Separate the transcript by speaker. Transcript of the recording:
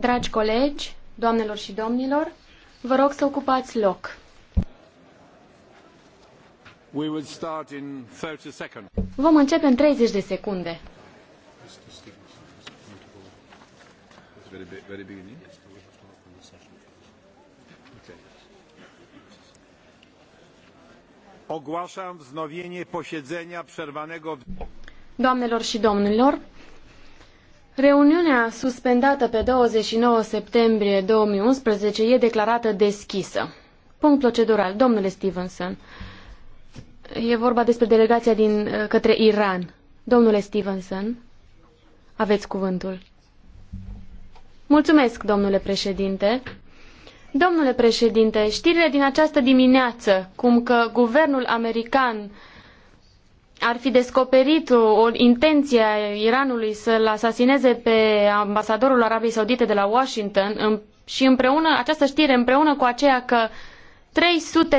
Speaker 1: Dragi colegi, doamnelor și domnilor, vă rog să ocupați loc. Vom începe în 30 de secunde.
Speaker 2: Ogłaszam wznowienie posiedzenia przerwanego...
Speaker 1: Doamnelor și domnilor, Reuniunea suspendată pe 29 septembrie 2011 e declarată deschisă. Punct procedural. Domnule Stevenson, e vorba despre delegația din, uh, către Iran. Domnule Stevenson, aveți cuvântul. Mulțumesc, domnule președinte. Domnule președinte, știrile din această dimineață, cum că guvernul american ar fi descoperit o intenție a Iranului să-l asasineze pe ambasadorul Arabiei Saudite de la Washington și împreună, această știre împreună cu aceea că 300